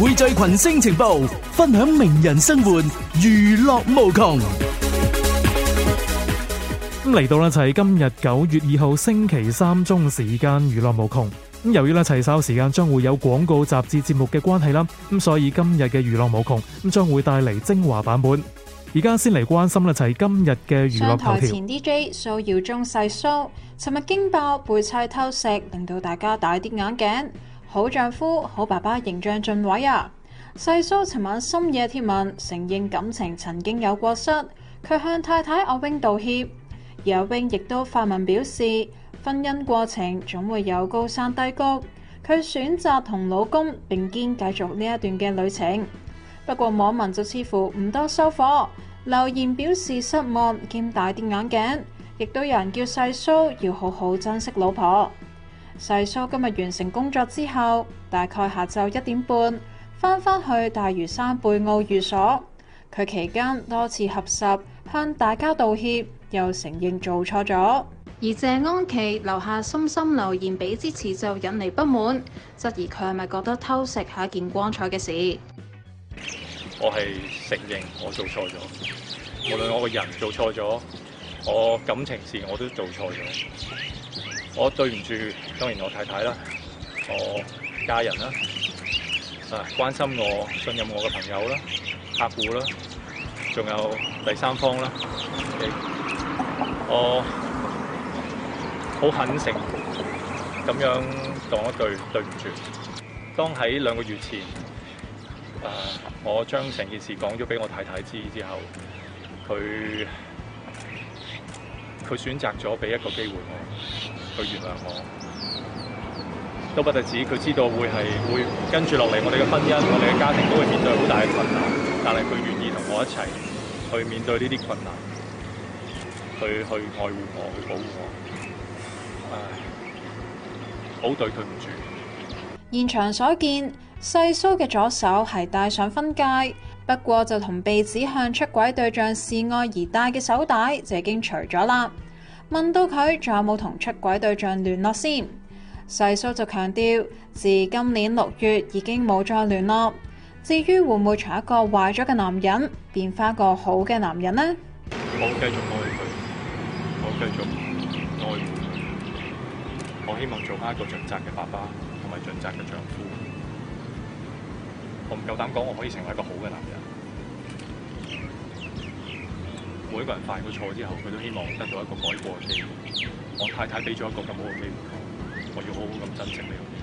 匯聚群星情報，分享名人生活，娛樂無窮。咁嚟到就係今日九月二號星期三中時間娛樂無窮。咁由於啦齊稍時間將會有廣告雜誌節、雜誌、節目嘅關係啦，咁所以今日嘅娛樂無窮咁將會帶嚟精華版本。而家先嚟關心就係今日嘅娛樂頭條。商台前 DJ 蘇耀宗細蘇尋日驚爆背差偷食，令到大家大跌眼鏡。好丈夫、好爸爸形象盡毀啊！細蘇尋晚深夜貼文承認感情曾經有過失，佢向太太阿 wing 道歉。而阿 wing 亦都發文表示，婚姻過程總會有高山低谷，佢選擇同老公並肩繼續呢一段嘅旅程。不過網民就似乎唔多收貨，留言表示失望，兼大跌眼鏡，亦都有人叫細蘇要好好珍惜老婆。細叔今日完成工作之後，大概下晝一點半翻返去大嶼山貝澳寓所。佢期間多次合十向大家道歉，又承認做錯咗。而謝安琪留下深深留言，俾支持就引嚟不滿，質疑佢係咪覺得偷食係一件光彩嘅事。我係承認我做錯咗，無論我個人做錯咗，我感情事我都做錯咗。我對唔住，當然我太太啦，我家人啦，啊，關心我、信任我嘅朋友啦、客戶啦，仲有第三方啦，okay? 我好懇誠咁樣講一句對唔住。當喺兩個月前，誒、啊，我將成件事講咗俾我太太知之後，佢佢選擇咗俾一個機會我。佢原諒我，都不得止，佢知道會係會跟住落嚟，我哋嘅婚姻、我哋嘅家庭都會面對好大嘅困難，但係佢願意同我一齊去面對呢啲困難，去去愛護我，去保護我。唉，好對，對唔住。現場所見，細蘇嘅左手係戴上婚戒，不過就同被指向出軌對象示愛而戴嘅手帶，就已經除咗啦。問到佢仲有冇同出軌對象聯絡先，細叔就強調自今年六月已經冇再聯絡。至於會唔會從一個壞咗嘅男人，變翻個好嘅男人呢？我繼續愛佢，我繼續愛佢。我希望做翻一個盡責嘅爸爸，同埋盡責嘅丈夫。我唔夠膽講我可以成為一個好嘅男人。每一個人犯過錯之後，佢都希望得到一個改過嘅機會。我太太俾咗一個咁好嘅機會，我要好好咁珍惜呢個機會。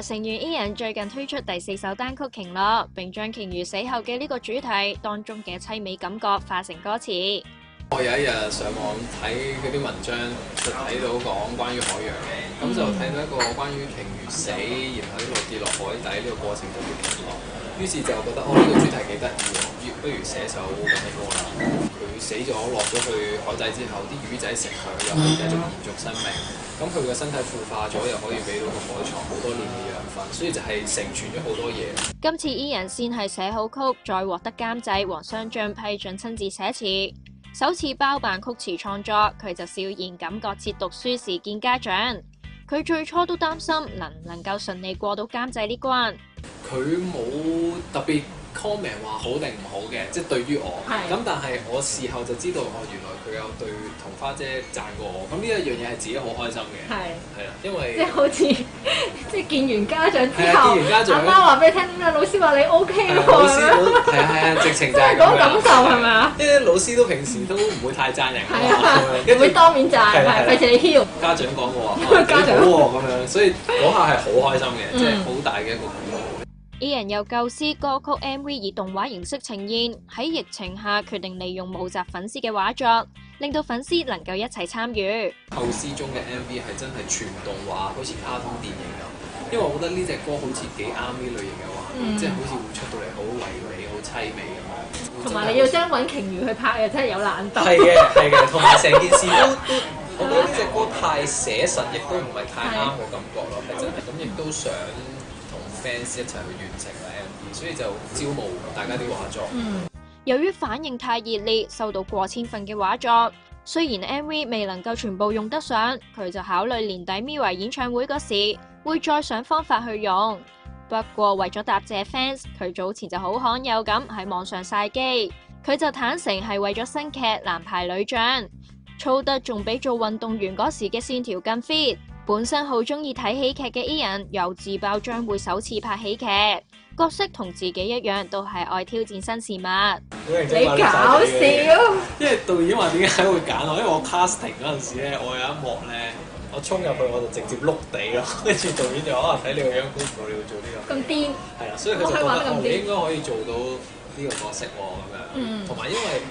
成員伊人最近推出第四首單曲《鯨落》，並將鯨魚死後嘅呢個主題當中嘅淒美感覺化成歌詞。我有一日上網睇嗰啲文章，就睇到講關於海洋嘅，咁、嗯、就睇到一個關於鯨魚死，嗯、然後呢度跌落海底呢個過程就叫《鯨落》。於是就覺得哦，呢個主題幾得意，不如寫首咁嘅歌啦。佢死咗落咗去海底之後，啲魚仔食佢又可以繼續延續生命，咁佢嘅身體腐化咗又可以俾到個海床好多年嘅養分，所以就係成全咗好多嘢。今次伊人先係寫好曲，再獲得監製黃雙將批准親自寫詞，首次包辦曲詞創作，佢就笑言感覺似讀書時見家長。佢最初都擔心能唔能夠順利過到監製呢關。佢冇特別 comment 話好定唔好嘅，即係對於我。咁的但係我事後就知道，哦原來佢有對桃花姐讚過我。咁呢一樣嘢係自己好開心嘅。係的，係啦，因為即係好似。 即係見完家長之後，阿媽話俾你聽，點樣老師話你 OK 喎，老師，係啊係啊，直情就講感受係咪啊？呢啲老師都平時都唔會太贊人，你唔會當面贊，係謝曉家長講家長咁樣，所以嗰下係好開心嘅，即係好大嘅一個。Ian 由舊詩歌曲 M V 以動畫形式呈現，喺疫情下決定利用無責粉絲嘅畫作，令到粉絲能夠一齊參與。構思中嘅 M V 係真係全動畫，好似卡通電影咁。因為我覺得呢隻歌好似幾啱呢類型嘅畫，嗯、即係好似會出到嚟好唯美、好淒美咁樣。同埋你要將揾鯨魚去拍，又真係有難度。係嘅， 係嘅，同埋成件事都， 我覺得呢隻歌太寫實，亦都唔係太啱我感覺咯，係真係。咁亦都想。fans 一齊去完成 MV，所以就招募大家啲畫作。嗯、由於反應太熱烈，受到過千份嘅畫作，雖然 MV 未能夠全部用得上，佢就考慮年底 MIRROR 演唱會嗰時會再想方法去用。不過為咗答謝 fans，佢早前就好罕有咁喺網上晒機，佢就坦承係為咗新劇男排女將，操得仲比做運動員嗰時嘅線條更 fit。本身好中意睇喜劇嘅 E 人，又自爆將會首次拍喜劇，角色同自己一樣，都係愛挑戰新事物。你搞笑！ 因為導演話點解會揀我，因為我 casting 嗰陣時咧，我有一幕咧，我衝入去我就直接碌地咯，跟 住導演就可能睇你個樣，估唔到你會做呢、呢個。咁癲！係啊，所以佢覺得我、哦、你應該可以做到呢個角色喎，咁樣。嗯。同埋因為。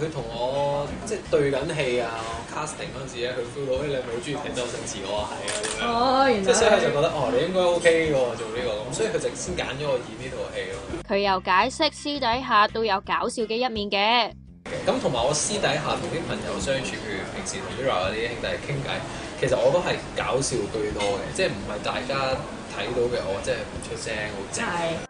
佢同我即係對緊戲啊，casting 嗰陣時咧，佢 feel 到你兩好中意睇周星馳，我話係啊，咁即係所以佢就覺得哦，你應該 OK 喎，做呢個，咁所以佢就先揀咗我演呢套戲咯。佢又解釋私底下都有搞笑嘅一面嘅，咁同埋我私底下同啲朋友相處，譬如平時同 Bryan 嗰啲兄弟傾偈，其實我都係搞笑最多嘅，即係唔係大家睇到嘅，我真係唔出聲好正。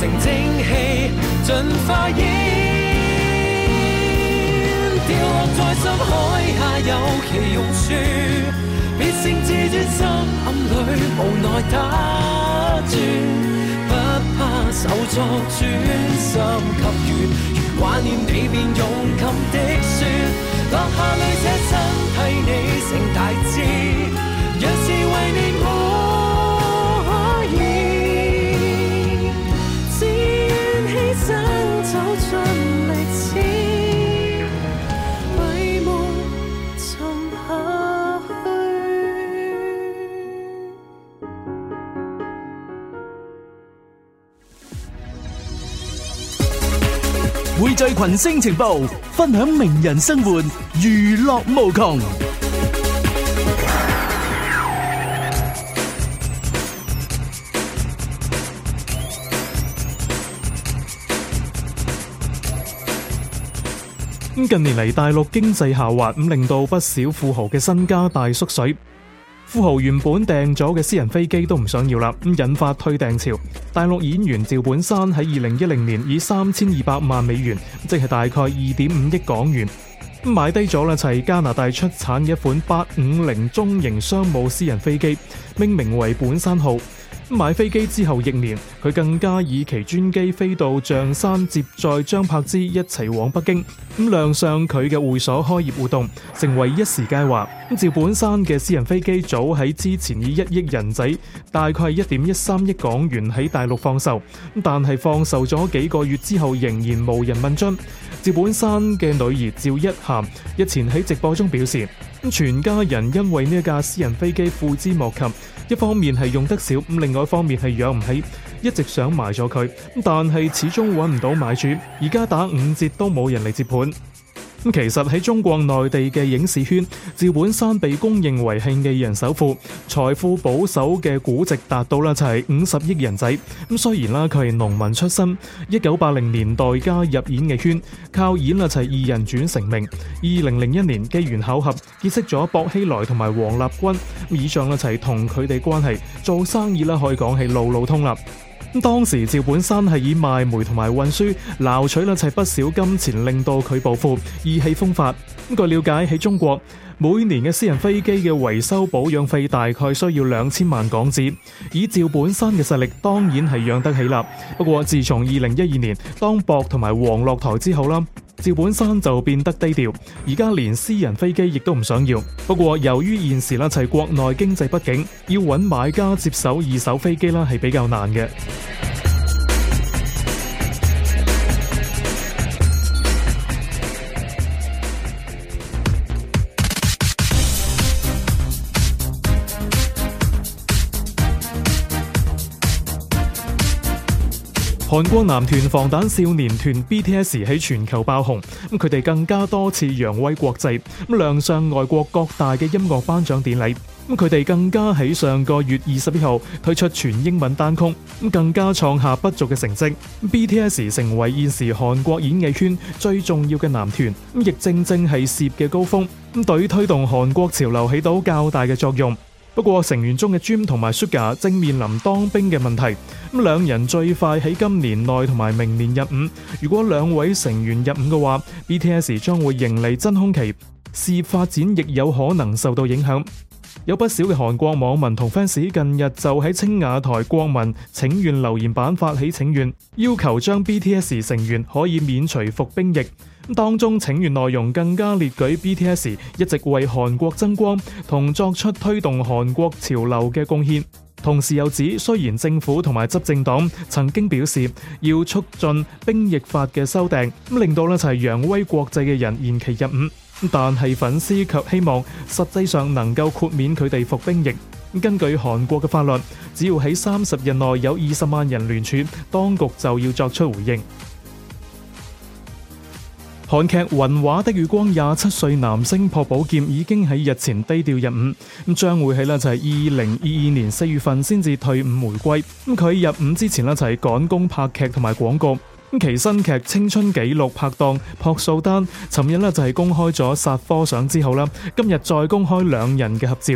成蒸氣，盡化煙。掉落在深海下，有其用處。別性自尊心暗裡無奈打轉，不怕手作主，心給予。如懷念你，便勇敢的說。落下淚，這身，替你成大志。群星情報，分享名人生活，娛樂無窮。咁近年嚟，大陸經濟下滑，咁令到不少富豪嘅身家大縮水。富豪原本訂咗嘅私人飛機都唔想要啦，咁引發退訂潮。大陸演員趙本山喺二零一零年以三千二百萬美元，即係大概二點五億港元，買低咗呢架加拿大出產嘅一款八五零中型商務私人飛機，命名為本山號。買飛機之後，翌年佢更加以其專機飛到象山接載張柏芝一齊往北京，咁亮相佢嘅會所開業活動，成為一時佳話。咁趙本山嘅私人飛機早喺之前以一億人仔，大概一點一三億港元喺大陸放售，但係放售咗幾個月之後仍然無人問津。趙本山嘅女兒趙一涵日前喺直播中表示，全家人因為呢一架私人飛機付之莫及。一方面係用得少，另外一方面係養唔起，一直想賣咗佢，但係始終揾唔到買主，而家打五折都冇人嚟接盤。咁其實喺中國內地嘅影視圈，趙本山被公認為係藝人首富，財富保守嘅估值達到就係五十億人仔。咁雖然啦，佢係農民出身，一九八零年代加入演藝圈，靠演就係二人轉成名。二零零一年機緣巧合結識咗薄熙來同埋王立軍，以上就係同佢哋關係做生意啦，可以講係路路通啦。當時趙本山係以賣煤同埋運輸撈取一齊不少金錢，令到佢暴富，意氣風發。咁據了解喺中國，每年嘅私人飛機嘅維修保養費大概需要兩千萬港紙，以趙本山嘅實力當然係養得起啦。不過自從二零一二年當薄同埋王落台之後啦。趙本山就變得低調，而家連私人飛機亦都唔想要。不過由於現時一齊、就係、國內經濟不景，要揾買家接手二手飛機啦，係比較難嘅。韓國男團防彈少年團 BTS 喺全球爆紅，咁佢哋更加多次揚威國際，咁亮相外國各大嘅音樂頒獎典禮，咁佢哋更加喺上個月二十一號推出全英文單曲，咁更加創下不俗嘅成績。BTS 成為現時韓國演藝圈最重要嘅男團，咁亦正正係涉嘅高峰，咁對推動韓國潮流起到較大嘅作用。不過，成員中嘅 Jim 同埋 Suga 正面臨當兵嘅問題，咁兩人最快喺今年內同埋明年入伍。如果兩位成員入伍嘅話，BTS 將會迎嚟真空期，事業發展亦有可能受到影響。有不少嘅韓國網民同 fans 近日就喺青瓦台國民請願留言板發起請願，要求將 BTS 成員可以免除服兵役。咁當中請願內容更加列舉 BTS 一直為韓國爭光同作出推動韓國潮流嘅貢獻，同時又指雖然政府同埋執政黨曾經表示要促進兵役法嘅修訂，咁令到呢啲揚威國際嘅人延期入伍。但係粉絲卻希望，實際上能夠豁免佢哋服兵役。根據韓國嘅法律，只要喺三十日內有二十萬人聯署，當局就要作出回應。韓劇 《雲畫的月光》廿七歲男星朴寶劍已經喺日前低調入伍，咁將會喺咧就係二零二二年四月份先至退伍回歸。咁佢入伍之前咧就係、是、趕工拍劇同埋廣告。期新劇《青春紀錄》拍檔樸素丹，尋日呢就係、是、公開咗殺科相之後啦，今日再公開兩人嘅合照。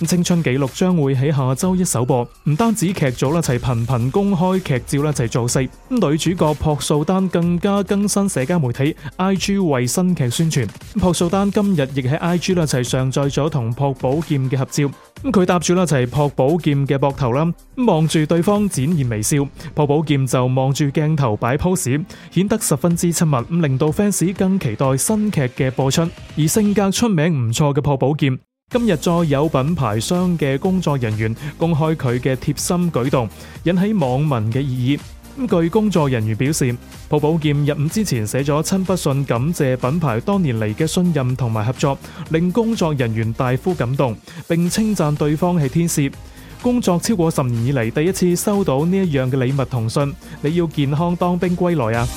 《青春紀錄》將會喺下周一首播，唔單止劇組一齊頻頻公開劇照一齊造勢。女主角樸素丹更加更新社交媒體 I G 為新劇宣傳。樸素丹今日亦喺 I G 呢，齊、就是、上載咗同樸寶劍嘅合照。咁佢搭住啦，就係朴寶劍嘅膊頭啦，望住對方展現微笑。朴寶劍就望住鏡頭擺 pose，顯得十分之親密，令到 fans 更期待新劇嘅播出。而性格出名唔錯嘅朴寶劍，今日再有品牌商嘅工作人員公開佢嘅貼心舉動，引起網民嘅熱議。根據工作人員表示，朴寶劍入伍之前寫咗親筆信感謝品牌多年嚟嘅信任同埋合作，令工作人員大呼感動，並稱讚對方係天使。工作超過十年以嚟，第一次收到呢一樣嘅禮物同信，你要健康當兵歸來啊！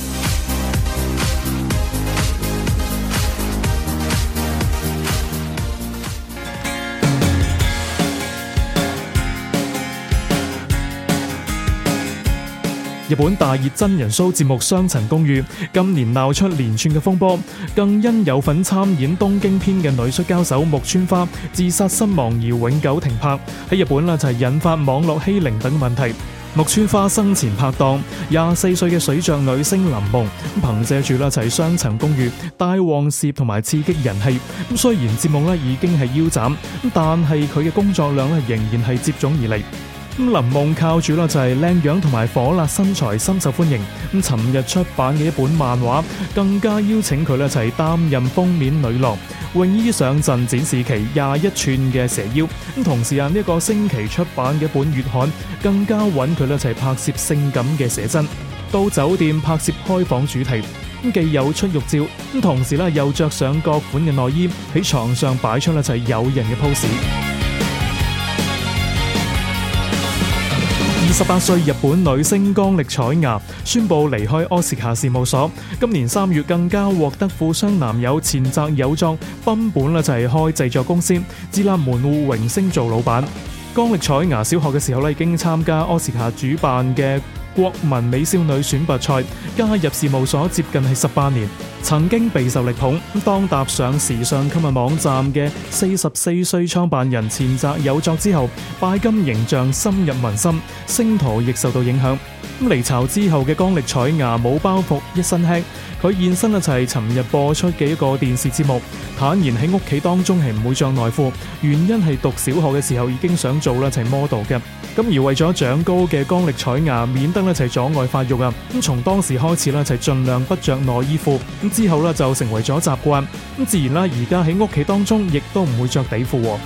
日本大熱真人 show 節目《雙層公寓》今年鬧出連串嘅風波，更因有份參演東京篇嘅女摔跤手木村花自殺身亡而永久停拍，喺日本啦就係、是、引發網絡欺凌等問題。木村花生前拍檔廿四歲嘅水象女星林夢，憑借住啦就係《雙層公寓》大旺攝同埋刺激人氣。咁雖然節目咧已經係腰斬，但係佢嘅工作量咧仍然係接踵而嚟。林夢靠住啦，就係靚樣同埋火辣身材深受歡迎。咁尋日出版嘅一本漫畫，更加邀請佢啦一齊擔任封面女郎，泳衣上陣展示其廿一寸嘅蛇腰。咁同時啊，呢一個星期出版嘅一本月刊，更加搵佢啦一齊拍攝性感嘅寫真，到酒店拍攝開房主題。既有出浴照，咁同時咧又着上各款嘅內衣喺床上擺出啦一齊誘人嘅 pose。十八歲日本女星剛力彩芽宣布離開奧斯卡事務所。今年三月更加獲得富商男友前澤友作分本啦，就係開製作公司，自立門戶榮升做老闆。剛力彩芽小學嘅時候咧已經參加奧斯卡主辦嘅國民美少女選拔賽，加入事務所接近係十八年。曾經備受力捧，當搭上時尚購物網站嘅四十四歲創辦人前澤友作之後，拜金形象深入民心，星途亦受到影響。咁離巢之後嘅剛力彩芽冇包袱，一身輕。佢現身就係尋日播出嘅一個電視節目，坦然喺屋企當中係唔會着內褲，原因係讀小學嘅時候已經想做啦一齊 model 嘅。咁而為咗長高嘅剛力彩芽，免得一齊阻礙發育啊！咁從當時開始呢一齊盡量不着內衣褲。之後咧就成為咗習慣，咁自然啦。而家喺屋企當中，亦都唔會着底褲。